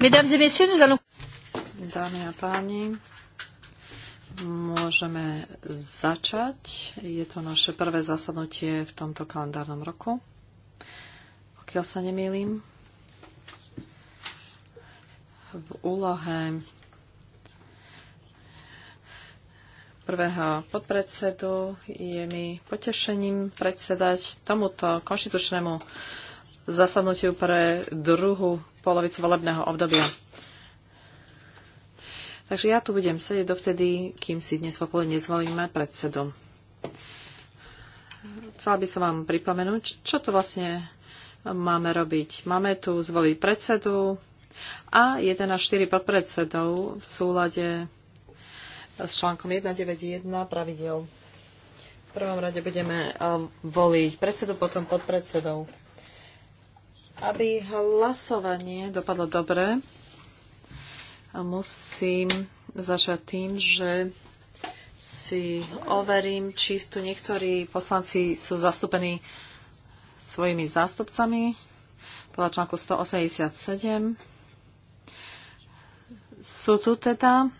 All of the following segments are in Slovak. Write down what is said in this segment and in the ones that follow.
Mesdames et messieurs, nous allons... Dámy a páni, môžeme začať. Je to naše prvé zasadnutie v tomto kalendárnom roku. Pokiaľ sa nemýlim, v úlohe prvého podpredsedu je mi potešením predsedať tomuto konštitučnému zasadnutiu pre druhú polovicu volebného obdobia. Takže ja tu budem sedieť dovtedy, kým si dnes popoludne zvolíme predsedu. Chcela by som vám pripomenúť, čo tu vlastne máme robiť. Máme tu zvoliť predsedu a 1 až 4 podpredsedov v súlade s článkom 191 pravidel. V prvom rade budeme eh, voliť predsedu, potom podpredsedov. Aby hlasovanie dopadlo dobre, musím začať tým, že si overím, či tu niektorí poslanci sú zastúpení svojimi zástupcami podľa článku 187. Sú tu teda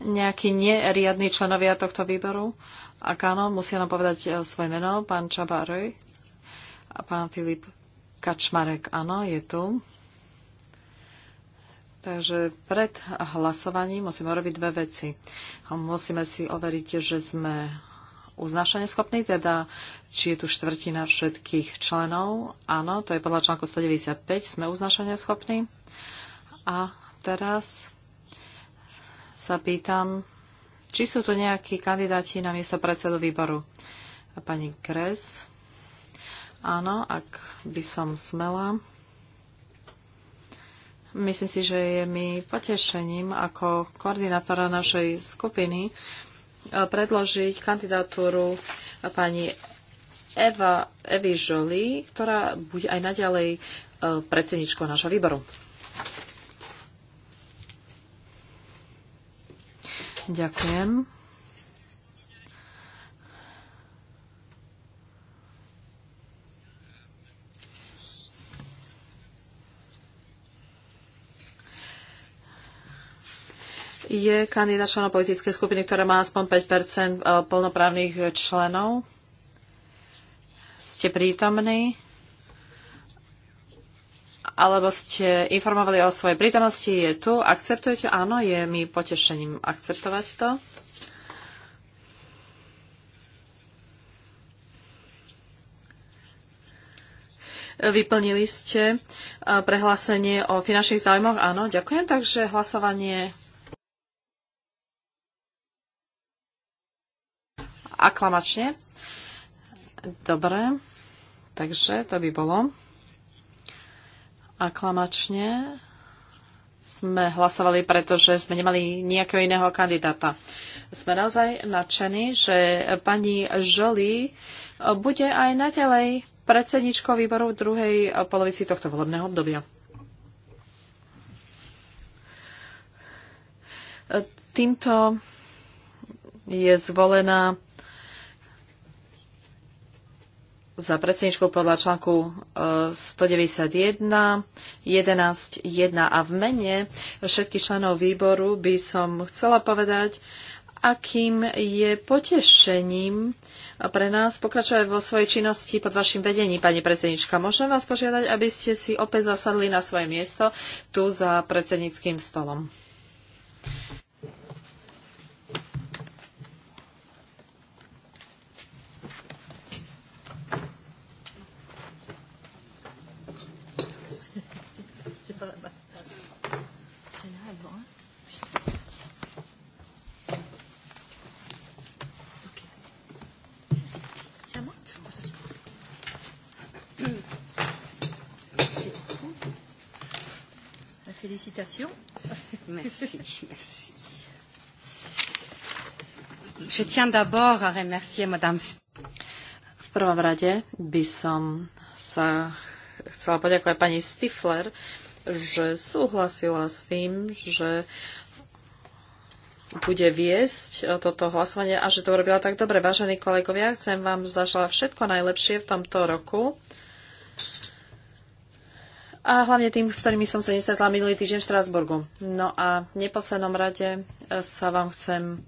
nejakí neriadní členovia tohto výboru? Ak áno, musia nám povedať eh, svoje meno, pán Čabaroj a pán Filip Kačmarek, áno, je tu. Takže pred hlasovaním musíme robiť dve veci. Musíme si overiť, že sme uznášania schopní, teda či je tu štvrtina všetkých členov. Áno, to je podľa článku 195, sme uznášania schopní. A teraz sa pýtam, či sú tu nejakí kandidáti na miesto predsedu výboru. A pani Kres. Áno, ak by som smela. Myslím si, že je mi potešením ako koordinátora našej skupiny e, predložiť kandidatúru pani Eva, Evy Žoli, ktorá bude aj naďalej e, predsedničkou našho výboru. Ďakujem. je kandidát člena politickej skupiny, ktorá má aspoň 5 e, plnoprávnych členov. Ste prítomní? Alebo ste informovali o svojej prítomnosti? Je tu? Akceptujete? Áno, je mi potešením akceptovať to. Vyplnili ste e, prehlásenie o finančných záujmoch? Áno, ďakujem. Takže hlasovanie aklamačne. Dobre, takže to by bolo. Aklamačne sme hlasovali, pretože sme nemali nejakého iného kandidáta. Sme naozaj nadšení, že pani Žoli bude aj naďalej predsedničkou výboru v druhej polovici tohto volebného obdobia. Týmto je zvolená za predsedničkou podľa článku 191, e, 11.1 a v mene všetkých členov výboru by som chcela povedať, akým je potešením pre nás pokračovať vo svojej činnosti pod vašim vedením, pani predsednička. Môžem vás požiadať, aby ste si opäť zasadli na svoje miesto tu za predsedníckým stolom. Félicitations. Merci, merci. Je tiens d'abord à remercier Madame V prvom rade by som sa chcela poďakovať pani Stifler, že súhlasila s tým, že bude viesť toto hlasovanie a že to urobila tak dobre. Vážení kolegovia, chcem vám zaželať všetko najlepšie v tomto roku a hlavne tým, s ktorými som sa nestretla minulý týždeň v Štrásburgu. No a v neposlednom rade e, sa vám chcem e,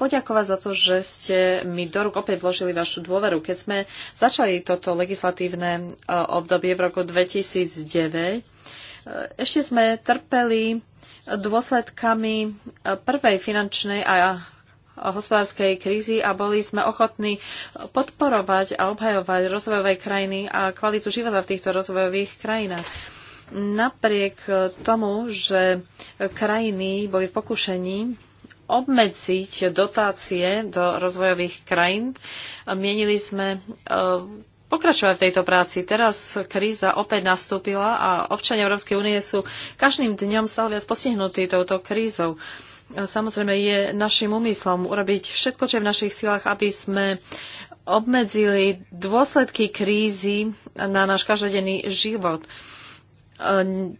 poďakovať za to, že ste mi do rúk opäť vložili vašu dôveru. Keď sme začali toto legislatívne e, obdobie v roku 2009, ešte sme trpeli dôsledkami prvej finančnej a hospodárskej krízy a boli sme ochotní podporovať a obhajovať rozvojové krajiny a kvalitu života v týchto rozvojových krajinách. Napriek tomu, že krajiny boli v pokušení obmedziť dotácie do rozvojových krajín, mienili sme e, pokračovať v tejto práci. Teraz kríza opäť nastúpila a občania Európskej únie sú každým dňom stále viac postihnutí touto krízou. Samozrejme je našim úmyslom urobiť všetko, čo je v našich silách, aby sme obmedzili dôsledky krízy na náš každodenný život. E,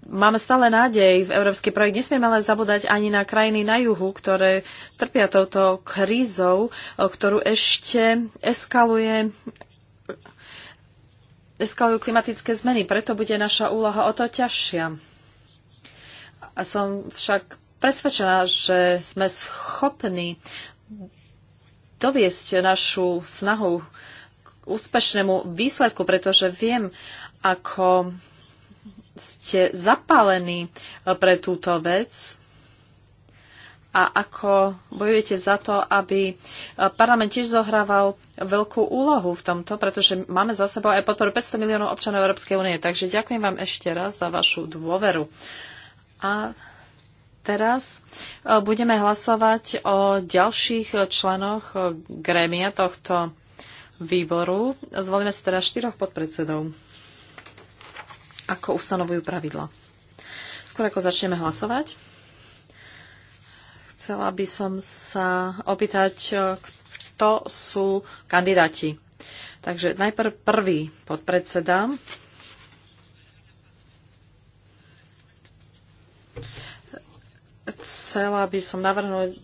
máme stále nádej v európsky projekt. Nesmieme ale zabúdať ani na krajiny na juhu, ktoré trpia touto krízou, e, ktorú ešte eskaluje eskalujú klimatické zmeny. Preto bude naša úloha o to ťažšia. A som však presvedčená, že sme schopní doviesť našu snahu k úspešnému výsledku, pretože viem, ako ste zapálení eh, pre túto vec a ako bojujete za to, aby eh, parlament tiež zohrával veľkú úlohu v tomto, pretože máme za sebou aj podporu 500 miliónov občanov Európskej únie. Takže ďakujem vám ešte raz za vašu dôveru. A teraz e, budeme hlasovať o ďalších členoch e, grémia tohto výboru. Zvolíme si teraz štyroch podpredsedov, ako ustanovujú pravidla. Skôr ako začneme hlasovať, chcela by som sa opýtať, e, kto sú kandidáti. Takže najprv prvý podpredseda chcela by som navrhnúť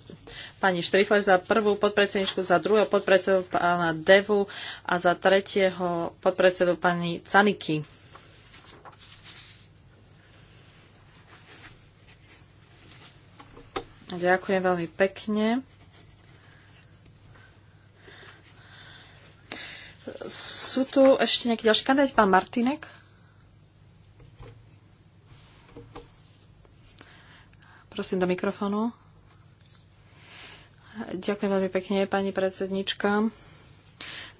pani Štrichle za prvú podpredsedničku, za druhého podpredsedu pána Devu a za tretieho podpredsedu pani Caniky. Ďakujem veľmi pekne. Sú tu ešte nejaké ďalšie kandidáti? Pán Martinek? Prosím do mikrofónu. Ďakujem veľmi pekne, pani predsednička.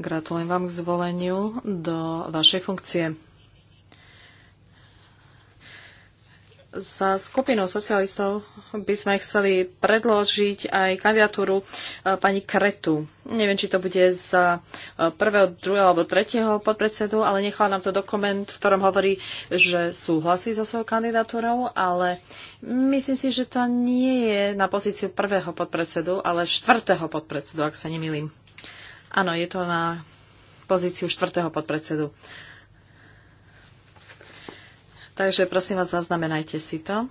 Gratulujem vám k zvoleniu do vašej funkcie. Za skupinou socialistov by sme chceli predložiť aj kandidatúru e, pani Kretu. Neviem, či to bude za e, prvého, druhého alebo tretieho podpredsedu, ale nechala nám to dokument, v ktorom hovorí, že súhlasí so svojou kandidatúrou, ale myslím si, že to nie je na pozíciu prvého podpredsedu, ale štvrtého podpredsedu, ak sa nemýlim. Áno, je to na pozíciu štvrtého podpredsedu. Uh, Takže prosím vás, zaznamenajte si to.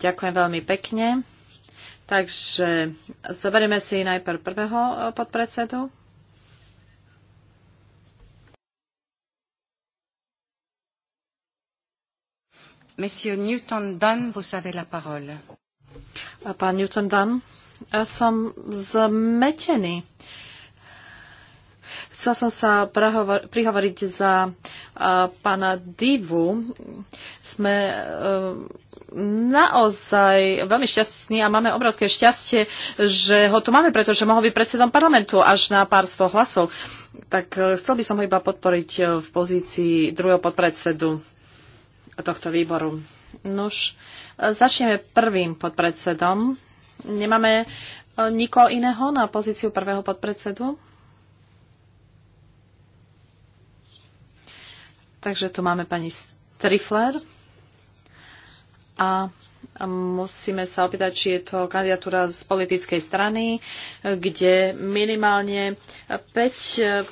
Ďakujem veľmi pekne. Takže zoberieme si najprv prvého e, podpredsedu. Monsieur Newton Dunn, vous avez la parole. Pán Newton Dunn, ja som zmetený. Uh, Chcela som sa prihovoriť za pána Divu. Sme e, naozaj veľmi šťastní a máme obrovské šťastie, že ho tu máme, pretože mohol byť predsedom parlamentu až na pár sto hlasov. Tak e, chcel by som ho iba podporiť e, v pozícii druhého podpredsedu tohto výboru. Nož, začneme prvým podpredsedom. Nemáme nikoho iného na pozíciu prvého podpredsedu? Takže tu máme pani Strifler a musíme sa opýtať, či je to kandidatúra z politickej strany, kde minimálne 5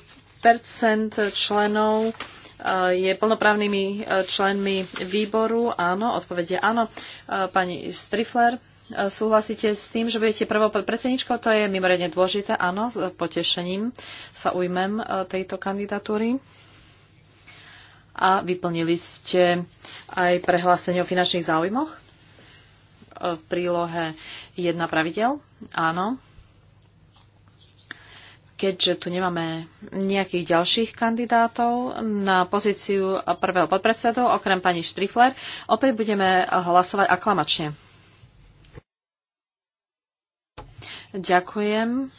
členov eh, je plnoprávnymi eh, členmi výboru. Áno, odpovede áno. Eh, pani Strifler, súhlasíte s tým, že budete prvou predsedničkou? To je mimoriadne dôležité. Áno, s potešením sa ujmem tejto kandidatúry a vyplnili ste aj prehlásenie o finančných záujmoch v prílohe 1 pravidel. Áno. Keďže tu nemáme nejakých ďalších kandidátov na pozíciu prvého podpredsedu, okrem pani Štrifler, opäť budeme hlasovať aklamačne. Ďakujem.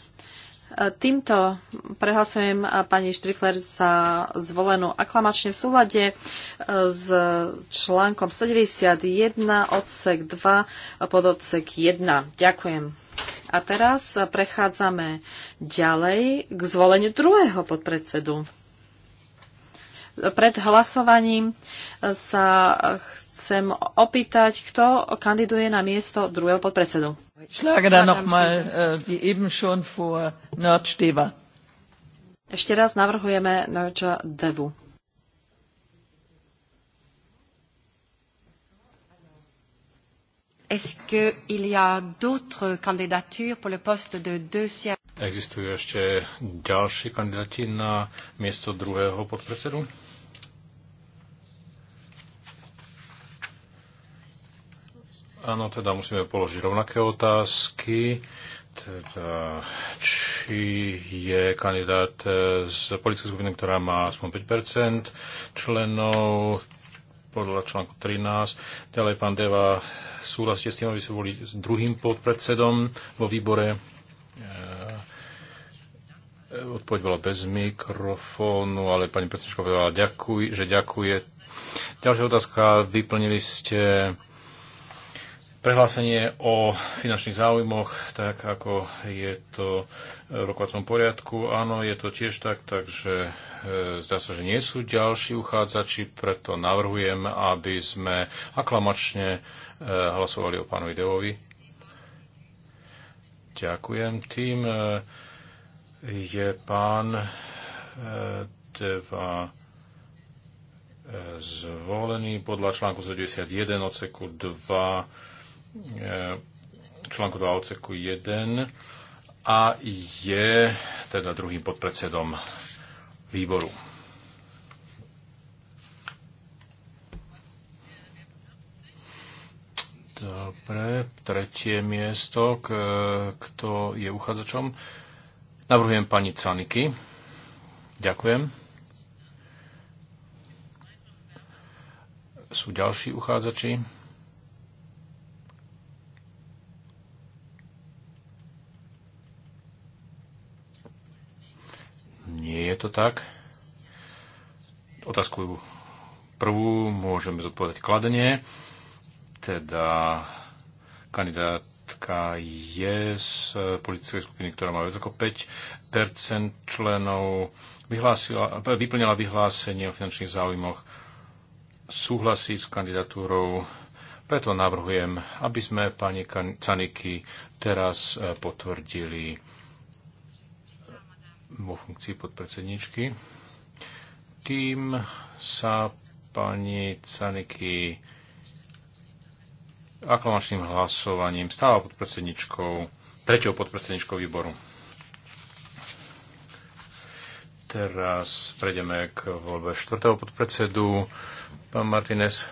Týmto prehlasujem pani Štrifler za zvolenú aklamačne v súlade e, s článkom 191 odsek 2 pod odsek 1. Ďakujem. A teraz prechádzame ďalej k zvoleniu druhého podpredsedu. Pred hlasovaním sa chcem opýtať, kto kandiduje na miesto druhého podpredsedu. Äh, ešte raz navrhujeme Nerča Devu. Est-ce qu'il y a d'autres candidatures pour le poste de deuxième Existujú ešte ďalšie kandidáti na miesto druhého podpredsedu? Áno, teda musíme položiť rovnaké otázky. Teda, či je kandidát e, z politickej skupiny, ktorá má aspoň 5 členov podľa článku 13. Ďalej pán Deva súhlasíte s tým, aby ste boli druhým podpredsedom vo výbore. E, odpoveď bola bez mikrofónu, ale pani predsednička povedala, ďakuj, že ďakuje. Ďalšia otázka. Vyplnili ste prehlásenie o finančných záujmoch, tak ako je to v rokovacom poriadku. Áno, je to tiež tak, takže e, zdá sa, že nie sú ďalší uchádzači, preto navrhujem, aby sme aklamačne e, hlasovali o pánovi Devovi. Ďakujem. Tým e, je pán e, Deva e, zvolený podľa článku 71 odseku 2 E, článku 2 odseku 1 a je teda druhým podpredsedom výboru. Dobre, tretie miesto, kto je uchádzačom. Navrhujem pani Caniky. Ďakujem. Sú ďalší uchádzači? je to tak. Otázku prvú môžeme zodpovedať kladne. Teda kandidátka je z politickej skupiny, ktorá má viac ako 5 členov, vyplnila vyhlásenie o finančných záujmoch, súhlasí s kandidatúrou preto navrhujem, aby sme pani Caniky teraz potvrdili vo funkcii podpredsedničky. Tým sa pani Caniky aklamačným hlasovaním stáva podpredsedničkou, treťou podpredsedničkou výboru. Teraz prejdeme k voľbe štvrtého podpredsedu. Pán Martinez,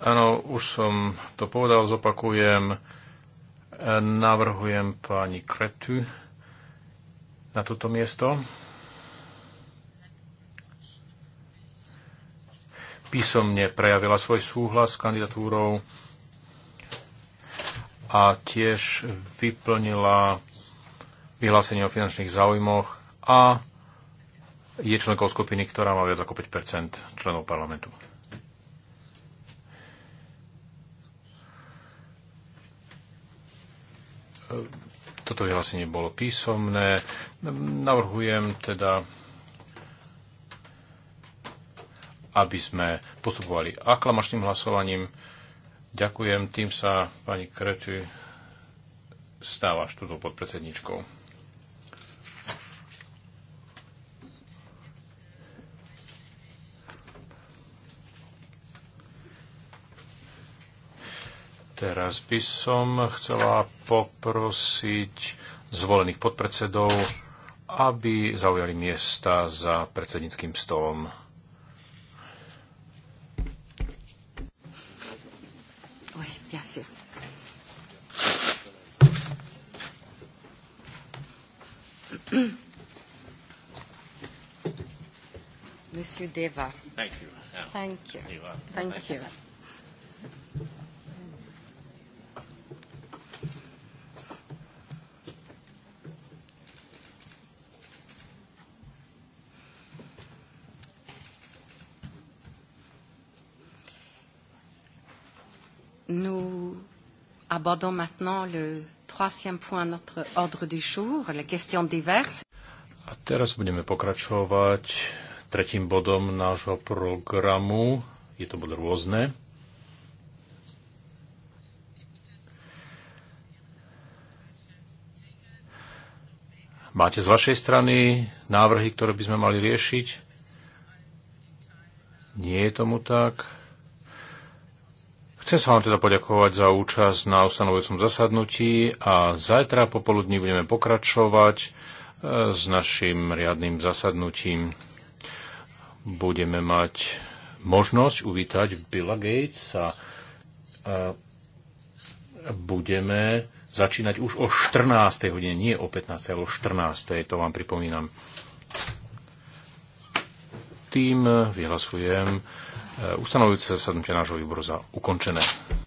áno, už som to povedal, zopakujem. Navrhujem pani Kretu na toto miesto. Písomne prejavila svoj súhlas s kandidatúrou a tiež vyplnila vyhlásenie o finančných záujmoch a je členkou skupiny, ktorá má viac ako 5 členov parlamentu. Toto vyhlásenie bolo písomné. Navrhujem teda, aby sme postupovali aklamačným hlasovaním. Ďakujem, tým sa pani Krety stáva štúdou podpredsedničkou. Teraz by som chcela poprosiť zvolených podpredsedov, aby zaujali miesta za predsedníckým stolom. Oui, bien sûr. Monsieur Deva. Thank you. Yeah. Thank you. Thank you. Thank you. Nous abordons maintenant le troisième point à notre ordre du jour, les questions diverses. A teraz budeme pokračovať tretím bodom nášho programu. Je to bod rôzne. Máte z vašej strany návrhy, ktoré by sme mali riešiť? Nie je tomu tak. Chcem sa vám teda poďakovať za účasť na ustanovujúcom zasadnutí a zajtra popoludní budeme pokračovať e, s našim riadnym zasadnutím. Budeme mať možnosť uvítať Billa Gates a e, budeme začínať už o 14. hodine, nie o 15. ale o 14. to vám pripomínam. Tým vyhlasujem Eh, ustanovujúce zasadnutie nášho výboru za ukončené.